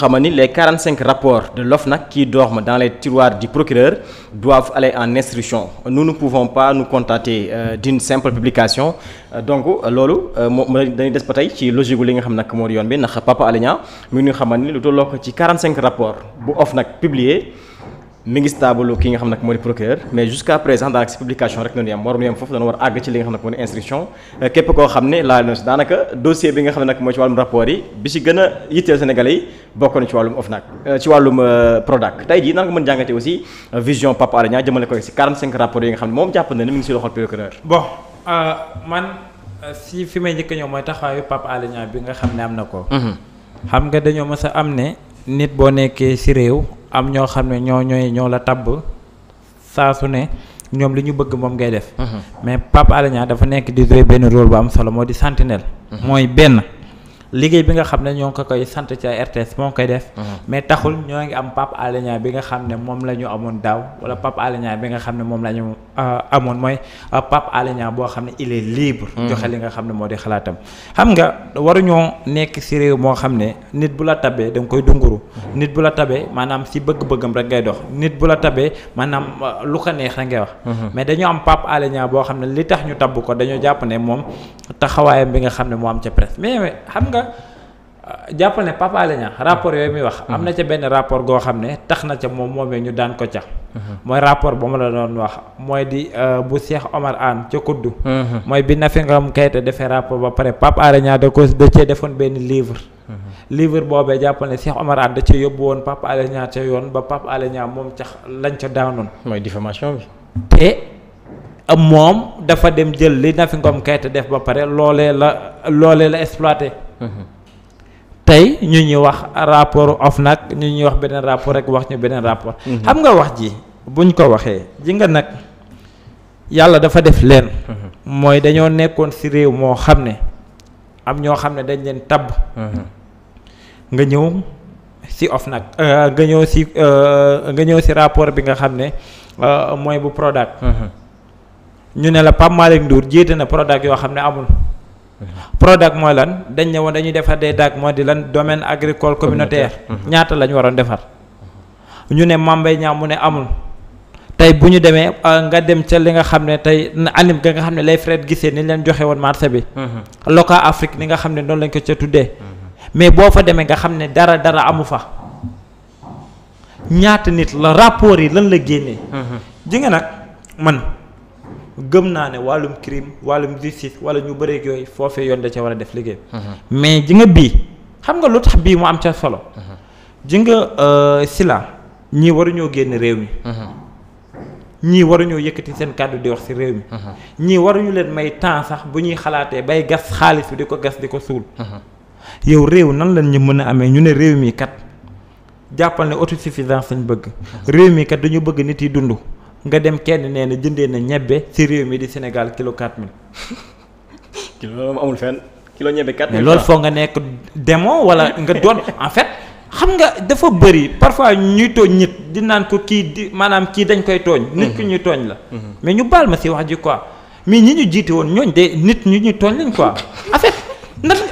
xama ni les 45 rapports de l'OFNAC qui dorment dans les tiroirs du procureur doivent aller en instruction nous ne pouvons pas nous contenter euh, d'une simple publication euh, donc euh, loolu euh, moom dañu des ba tey ci logique gu li nga xam nag moo di yoon bi ndax Papa Alé Niang mi ngi ñu xamal ni lu tolloo ko ci 45 rapports bu nag publié mi ngi stable ki nga xam nag moo di procureur mais jusqu'à présent daanaka si publication rek euh, ne na nag mooy ci wàllum rapport bi na ci wàllum euh, euh, nga aussi vision Pape Alé Niang jëmale ko si 45 rapports yi nga xam ne moom jàpp bi nga xam ne am na ko mhm. xam nga dañoo mës a am ne nit boo nekkee si réew am ñoo xam ne ñoo ñooy ñoo la tabb saa su ne ñoom li ñu bëgg moom ngay def. Mhm. mais Pape Alé Niang dafa nekk di jouer benn rôle bu am solo moo di sentinelle. Mhm. mooy benn. liggéey bi nga xam ne ñoo ngi ko koy sant ci RTS moo ngi koy def. Mhm. mais taxul ñoo ngi am Pape Alé Niang bi nga xam ne moom la ñu amoon daaw wala Pape ale Niang bi nga xam ne moom la ñu euh, amoon mooy euh, Pape Alé Niang boo xam ne il est libre. Mhm. joxe li nga xam ne moo di xalaatam. xam nga waruñoo nekk si réew moo xam ne nit bu la tabee da nga koy dunguru. Mhm. nit bu la tabee maanaam si bëgg-bëggam rek ngay dox nit bu la tabee maanaam euh, lu ko neex rek ngay wax. mais dañoo am Pape Alé Niang boo xam ne li tax ñu tabb ko dañoo jàpp ne moom taxawaayam bi nga xam ne moo am ca nga euh, jàppal ne Pape Alé Niang rapport yooyu muy wax. am na mhm. ca benn rapport goo xam ne tax na ca moom moomee ñu daan ko ca. Mhm. mooy rapport ba ma la doon wax mooy di euh, bu Cheikh Omar Anne ca Kuddu. Mhm. mooy bi Nafi Ngom Keïta defee ba pare Pape Alé da ko cee defoon benn livre. livre boobee jàppale ne Cheikh Omar Anne da cee yóbbu woon Pape Alé Niang yoon ba Pape Alé Niang moom ca lañ ca daanoon. mooy diffamation bi. te. Euh, moom dafa dem jël li Nafi Ngom Keïta def ba pare loolee la loolee la exploité. tey ñu ñuy wax rapport nag ñu ñuy wax beneen rapport rek wax ñu beneen rapport. Mhm. xam nga wax ji buñ ko waxee ji nga nag yàlla dafa def leen. Mhm. mooy dañoo nekkoon ci réew moo xam ne am ñoo xam ne dañ leen tabb. Mhm. nga ñëw ci OFNAC euh, nga ñëw ci euh, nga ñëw ci rapport bi nga xam ne euh, mooy bu Prodac. ñu ne la Pape Malick Ndour jiite na Prodac yoo xam ne amul. Prodac mooy lan dañ ne woon dañuy defar des DAC moo di lan domaine agricole communautaire. ñaata lañu ñu waroon defar. ñu ne Mambay ñaa mu ne amul. tey bu ñu demee euh, nga dem ca li nga xam ne tey anim ga nga xam ne lay Fred gisee ni leen joxe woon marché bi. local Afrique ni nga xam ne noonu lañ ko ca tuddee. mais boo fa demee nga xam ne dara dara amu fa. ñaata nit la rapport yi lan la génnee. ji nga nag gëm naa ne wàllum crime wàllum justice wala ñu bëreeg yooyu foofee yoon da ca war a def liggéey. Mhm. mais ji nga bii xam nga lu tax bii mu am ca solo. Mhm. ji nga euh, sila ñii waruñoo génn réew mi. Mhm. ñii waruñoo yëkkati seen kàddu di wax ci réew mi. ñii waruñu leen may temps sax bu ñuy xalaatee bay gas xaalis bi di ko gas di ko suul. yow réew nan lañ ñu mën a amee ñu ne réew mi kat jàppal ne autosuffisance lañ bëgg. réew mi kat dañu bëgg nit yi dund. nga dem kenn nee na jëndee na ñebbe ci réew mi di Sénégal kilo 4000. kilo loolu amul kilo ñebbe 4000. mais loolu foo nga nekk demo wala nga doon en fait. xam nga dafa bëri parfois ñuy tooñ nit di naan ko kii di maanaam kii dañ koy tooñ. nit ki mhm. ñuy tooñ la. Mhm. mais ñu baal ma si wax ji quoi mais ñi ñu jiite woon ñooñ de nit ñu ñu tooñ lañ quoi en fait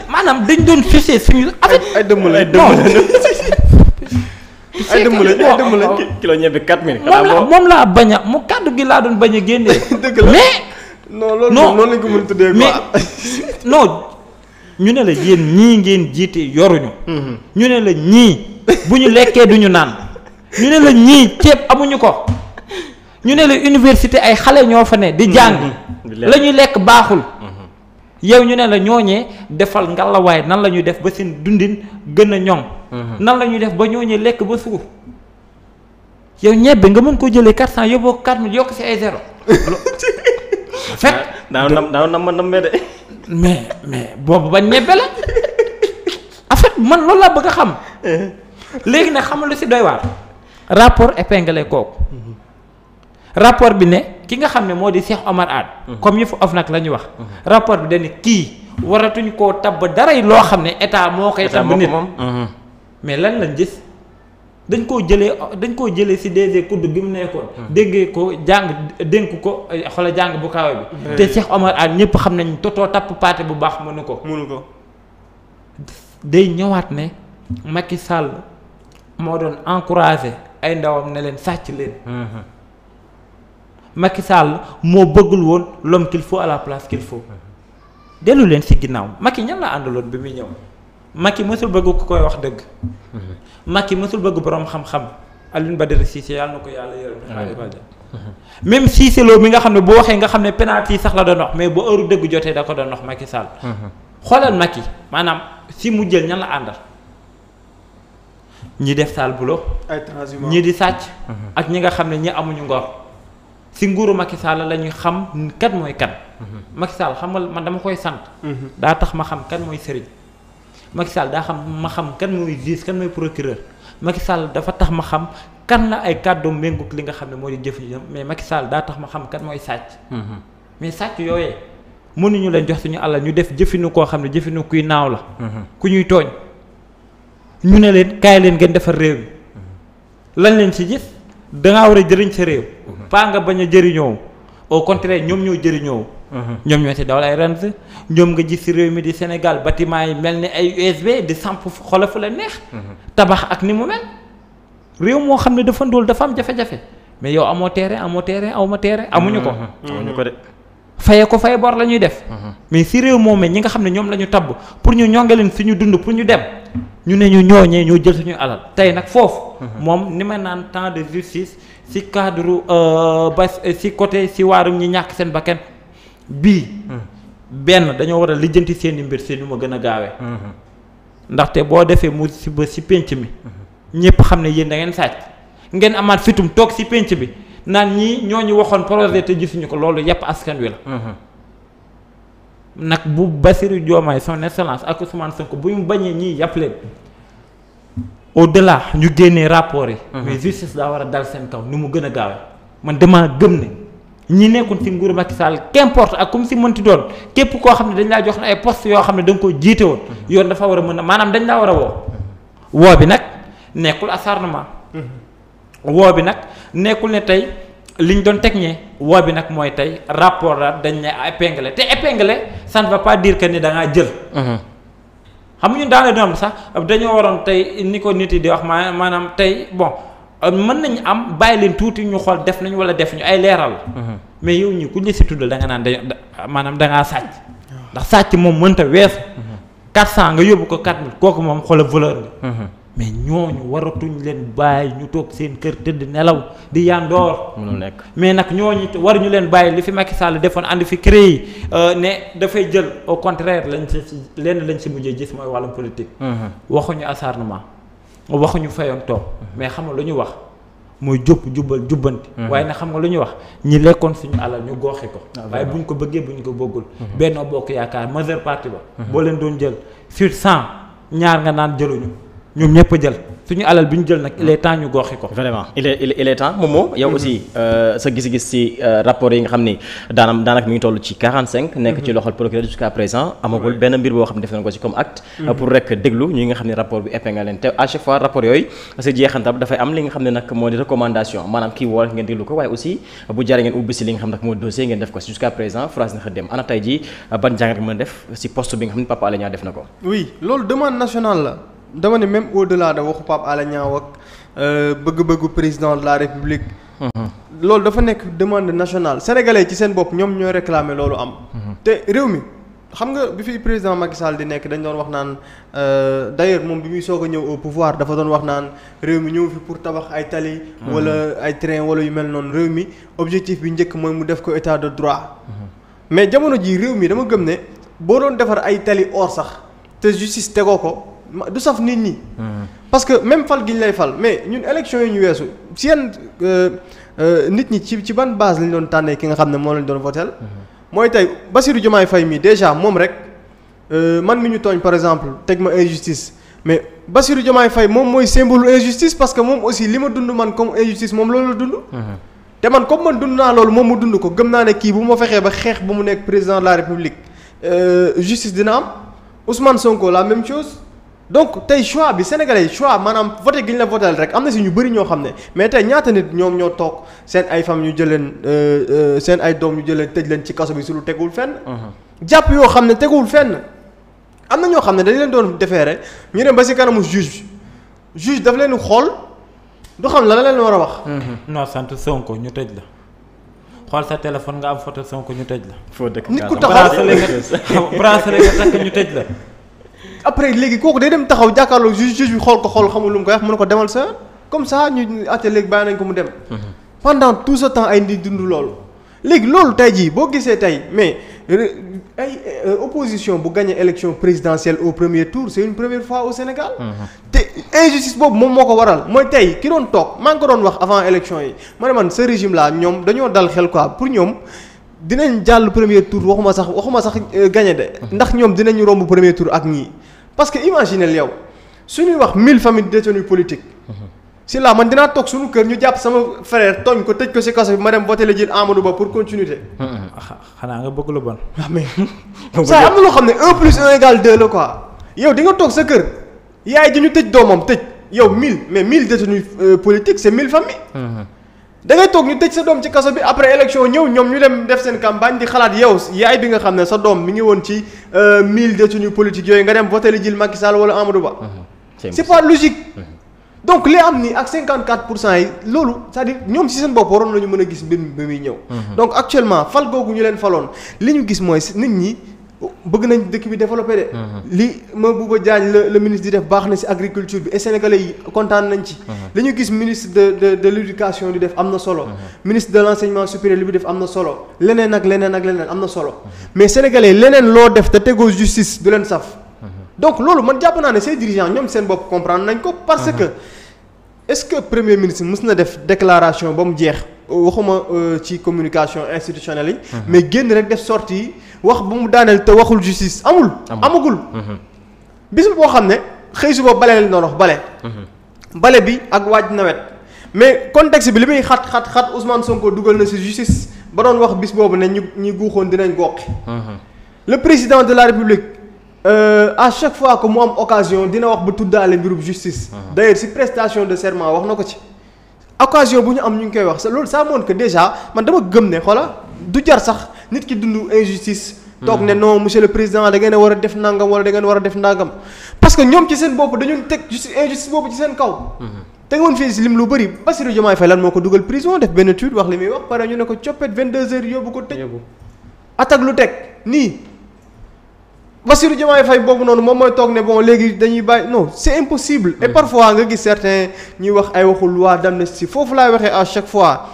maanaam dañ doon sucé suñu. ay ay dëmm la ay dëmm la ay dëmm lañ ay dëmm lañ kilo moom la moom laa bañ a mu kaddu gi laa doon bañ a génnee. dëgg la mais. non loolu noonu lañ ñu ne la yéen ñii ngeen jiite yoruñu. Mhm. ñu ne la ñii bu ñu lekkee duñu naan ñu ne la ñii ceeb amuñu ko ñu ne la université ay xale ñoo fa ne di mhm. jàng la ñuy lekk baaxul mhm. yow ñu ne la ñooñee defal ngalawaay nan la ñuy def ba seen dundin gën a ñoŋ Mm-hmm. nan la ñuy def ba ñooñu lekk ba suur yow ñebe nga mën ko jëlee quatre cent yóbboo ko mu mille yokk si ay zéro. fekk daaw nam daaw nam ma nammee de. mais mais boobu ba ñebe la en man loolu laa bëgg a xam. Mm-hmm. léegi nag xamal lu si doy waar. rapport épinglé kooku. Mm-hmm. rapport bi ne ki nga xam ne moo di Cheikh Omar Anne. comme yëfu OFNAC la ñu wax. rapport bi dañ ne kii waratuñ koo tabb daray loo xam ne état moo koy. tabb nit mais lan lañ gis dañ koo jëlee dañ koo jëlee si DG kudd bi mu nekkoon. Hmm. déggee ko jàng dénk ko xoolal jàng bu kaawe bi. Hmm. te Cheikh Omar Anne ñëpp xam nañ totoo tapp paate bu baax mënu ko. mënu day ñëwaat ne Macky Sall moo doon encouragé ay ndawam ne leen sàcc leen. Hmm. Macky Sall moo bëggul woon l'homme qu'il faut à la place qu'il dellu leen si ginnaaw Macky ñan la àndaloon bi muy ñëw. Macky mësul bëgg ku koy wax dëgg. Macky mësul bëgg borom xam-xam Alioune Badara Cissé yàlla na ko yàlla yërëm. même Cissé Lo mi nga xam ne bu waxee nga xam ne penalty sax la dondox mais bu heure dëgg jotee da ko doon wax saal Sall. xoolal Macky maanaam si mu jël ñan la àndal. ñi def sale bulo ay ñi di sàcc. ak ñi nga xam ne ñi amuñu ngor. si nguuru Macky Sall la ñuy xam kat mooy kan. Mhm. Macky Sall xam man dama koy sant. Mhm. daa tax ma xam kan mooy sëriñ. Macky Sall daa xam ma xam kan mooy juge kan mooy procureur Macky Sall dafa tax ma xam kan na ay kàddu ménguk li nga xam ne moo di jëf yi mais Macky Sall daa tax ma xam kan mooy sàcc. Mm-hmm. mais sàcc yooyee mënuñu leen jox suñu àll ñu def jëfinu koo xam ne jëfinu kuy naaw la. Mm-hmm. ku ñuy tooñ. ñu ne leen kaay leen ngeen defar réew mi mm-hmm. lañ leen si gis danga war a jëriñ sa réew. paa nga bañ a jëriñoo o contrer ñoom ñoo jëriñoo. ñoom ñoo ci dawal ay rent ñoom nga ji ci réew mi di Sénégal batiment yi mel ni ay USB di samp xola fu la neex. Mhm. tabax ak ni mu mel. réew moo xam ne dafa ndóol dafa am jafe-jafe mais yow amoo terrain amoo terrain aw ma terrain amuñu ko. Mhm. amuñu ko de. faye ko faye bor la ñuy def. Mhm. mais si réew moom ñi nga xam ne ñoom la ñu tabb pour ñu ñonge leen suñu dund pour ñu dem ñu ne ñu ñooñee ñoo jël suñu alal tey nag foofu. moom ni ma naan temps de justice si cadre euh, ba si côté si waarum ñi ñàkk seen bakkan bii hmm. benn dañoo war a lijjanti seen i mbir si nu ma gën a gaawee hmm. ndaxte boo defee musiba si pénc mi hmm. ñëpp xam ne yéen dangeen ngeen sàcc ngeen amaat fitum toog si pénc bi naan ñi ñoo ñu waxoon projet te gisuñu ko loolu yépp askan wi la nag bu Bassirou Diomaye son excellence ak Ousmane Sonko bu ñu bañee ñi yàpp leen au ñu génnee rapport yi mais justice daa war a dal seen kaw ni mu gën a gaawee man dama gëm ne ñi nekkoon si nguuru Macky Sall qu'importe ak comme si mënti doon képp koo xam ne dañ laa jox ay post yoo xam ne dañ nga ko jiite woon yoon dafa war a mën a maanaam dañ laa war a woo woo bi nag nekkul sarnement woo bi nag nekkul ne tey liñ doon teg ñee woo bi nag mooy tey rapport la dañ ne épinglé te épinglé ça ne diir pas que ni da jël mhm. xam nga ñun daanaka sax dañoo waroon tey ni ko nit yi di wax maanaam tey bon Euh, mën nañu am bàyyi leen tuuti ñu xool def nañu wala def ñu ay leeral. Mhm. mais yow ñi ku ñu si tuddal da nga naan da maanaam da ngaa sàcc. ndax sàcc moom mënta weesu. 400 mhm. nga yóbbu ko 4000 kooku moom xoola voleur la. Mhm. mais ñu waratuñ leen bàyyi ñu toog seen kër tëdd nelaw di yàndoor. mënul nekk mais nag ñooñu waruñu leen bàyyi li fi Macky Sall defoon andi fi créé euh, ne dafay jël au contraire lañ si lenn lañ si mujjee gis mooy wàllum politique. waxuñu acharnement. waxuñu fayoon toog mais xam nga lu ñu wax mooy jub jubal jubbanti. Mhm. waaye nag xam nga lu ñu wax ñi lekkoon suñu alal ñu gooxi ko. Ah, waaye buñ ko bëggee buñ ko bëggul. Mhm. benn Bokk Yaakaar majeure partie ba. Mhm. boo leen doon jël sur cent ñaar nga naan jëluñu ñoom ñëpp jël. suñu alal bi ñu jël nag il est temps ñu goxi ko. vraiment il temps moom moo. yow aussi mm-hmm. euh, sa gis-gis ci euh, rapport yi nga xam ni daanam daanaka mi ngi toll ci 45. Mm-hmm. nekk ci loxol procureur jusqu'à présent amagul benn mbir boo xam ne def nañ ko ci comme acte. Mm-hmm. pour rek déglu ñi nga xam ne rapport bi épingle te à chaque fois rapport yooyu sa jeexantal dafay am li nga xam ne nag moo di recommandation maanaam kii woo ngeen déglu ko waaye a na dama ne même au delà de waxu Pape Alé Niang ak euh, bëgg-bëggu président de la république. Mhm. loolu dafa nekk demande nationale sénégalais ci seen bopp ñoom ñoo réclamer loolu am. Mhm. te réew mi xam nga bi fi président Macky Sall di nekk dañu doon wax naan euh, d'ailleurs moom bi muy soog a ñëw au pouvoir dafa doon wax naan réew mi ñëw fi pour tabax ay tali. Mhm. wala ay train wala yu mel noonu réew mi objectif bi njëkk mooy mu def ko état de droit. mais jamono jii réew mi dama gëm ne boo doon defar ay tali or sax te justice tegoo ko. du saf nit ñi. Hmm. parce que même fal gi ñu lay fal mais ñun élection yi ñu weesu si yenn euh, euh, nit ñi ci ci ban base lañ doon tànnee ki nga xam ne moo lañ doon votel hmm. mooy tey Bassirou Diomaye fay mi déjà moom rek euh, man mi ñu tooñ par exemple teg ma injustice mais Bassirou Diomaye fay moom mooy symbole injustice parce que moom aussi li ma dund man comme injustice moom loolu la dund. Hmm. te man comme man dund naa loolu moom mu dund ko gëm naa ne kii bu ma fexee ba xeex ba mu nekk président de la république justice dina am Ousmane Sonko la même chose. donc tey choix bi sénégalais choix maanaam voté gi ñu la voté rek am na si ñu bëri ñoo xam ne mais tey ñaata nit ñoom ñoo toog seen ay fam jël leen euh, euh, seen ay doom ñu jëleen tëj leen ci kaso bi su lu teguwul fenn. Uh-huh. jàpp yoo xam ne teguwul fenn. am na ñoo xam ne dañu leen doon defeere ñu ne ba si kanamu juge juge daf leen xool du xam la la leen war a wax. Uh-huh. non sant Sonko ñu tëj la. xool sa téléphone nga am photo Sonko ñu tëj la. foo dëkk nit ku taxaw bracelet nga ñu tëj la. après léegi kooku day dem taxaw jàkkaarloo juge juge bi xool ko xool xamul lu mu koy wax mu ko demal sa comme ça ñu àtte léegi bàyyi nañ ko mu dem. Mhm. pendant tout ce temps ay ndi dundu loolu. léegi loolu tey jii boo gisee tey mais ay euh, opposition bu gagné élection présidentielle au premier tour c'est une première fois au Sénégal. Mhm. te injustice boobu moom moo ko waral mooy tey ki doon toog maa ngi ko doon wax avant élection yi ma ne man ce régime là ñoom dañoo dal xel quoi pour ñoom. dinañ jàll premier tour waxuma sax waxuma sax euh, gagné de. Mhm. ndax ñoom dinañu romb premier tour ak ñii. parce que imaginez yow su ñuy wax mille familles détenus politiques. si la man dinaa toog suñu kër ñu jàpp sama frère tooñ ko tëj ko si kaso bi ma dem voté la jël Amadou Ba pour continuité. xanaa nga bëgg lu bon. ah mais saa na loo xam ne un plus un égale deux la quoi yow di nga toog sa kër yaay ji ñu tëj doomam tëj yow mille mais mille détenus euh, politiques c'est mille familles. Mm-hmm. dangay toog ñu tëj sa doom ci kaso bi après élection ñëw ñoom ñu dem def seen campagne di xalaat yow yaay bi nga xam ne sa doom mi ngi woon ci euh, mille de suñu politique yooyu nga dem voté li jël Macky Sall wala Amadou Ba. Mhm. c'est pas logique. Mhm. donc li am nii ak 54 pour cent yi loolu cest ñoom ci seen bopp waroon nañu mën a gis mbir mi muy ñëw. Mhm. donc actuellement fal googu ñu leen faloon li ñu gis mooy nit ñi. bëgg nañ dëkk bi développé de. Mhm. li ma Bouba Diagne la le ministre di def baax na ci agriculture bi et sénégalais kontaan nañ ci. Mhm. li gis ministre de de de l' di def am na solo. Mhm. ministre de l' enseignement supérieur li bi def am na solo leneen ak leneen ak leneen am na solo. mais sénégalais leneen loo def te tegoo justice du leen saf. donc loolu man jàpp naa ne ces dirigeants ñoom seen bopp comprendre nañ ko. parce que est-ce que premier ministre mës na def déclaration ba mu jeex. waxuma euh, ci communication institutionnelle yi. Mhm. mais génn rek def sortie wax bu mu daaneel te waxul justice amul. amagul mhm. bis boo xam ne xëy suba bale la doon bale. Mhm. bale bi ak waaj nawet mais contexte bi li muy xat xat xat Ousmane Sonko dugal na ci justice ba doon wax bis boobu ne ñu ñu guuxoon dinañ goqi le président de la république. Euh, à chaque fois que mu am occasion dina wax ba tuddaale mbirub justice. d'ailleurs ci prestation de serment wax na ko ci. occasion bu ñu am ñu ngi koy wax loolu ça montre que déjà man dama gëm ne xoola du jar sax nit ki dund injustice. toog ne hmm. non monsieur le président da ngeen a war a def nangam wala da ngeen war a def nangam parce que ñoom ci seen bopp dañu teg justice injustice boobu ci seen kaw. Hmm. te nga woon fii lim lu bëri Bassirou Diomaye Faye lan moo ko dugal prison def benn étude wax li muy wax pare ñu ne ko coppet 22 heures yóbbu ko tëj. attaque lu teg nii. Bassirou Diomaye fay boobu noonu moom mooy toog ne bon léegi dañuy bàyyi non c'est impossible. et parfois nga gis certains ñuy wax ay waxu loi d'amnistie foofu laay waxee à chaque fois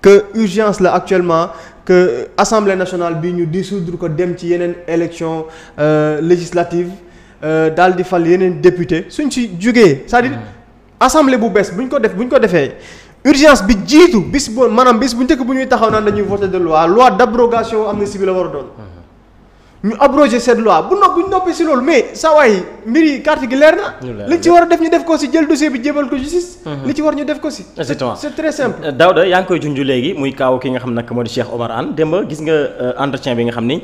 que urgence la actuellement que assemblée nationale bi ñu di dissoudre ko dem ci yeneen élection euh, législative euh, daal di fal yeneen député suñ ci jógee c'est-à-dire mm. assemblée bu bees buñ ko def buñ ko defee. urgence bi jiitu bis bo maanaam bis bu njëkk bu ñuy taxaw naan dañuy voter de loi loi d'abrogation amnistie bi la war a ñu abrogé cette loi bu nopp bu ñu noppee si loolu mais saa mbir yi carte gi leer na. li ci war def ñu def ko si jël dossier bi jébal ko justice. Mhm. li ci war ñu def ko si. exactement euh, yaa ngi koy junj léegi muy kaaw ki nga xam nag moo di Cheikh Omar Anne démb gis nga euh, entretien bi nga xam ni.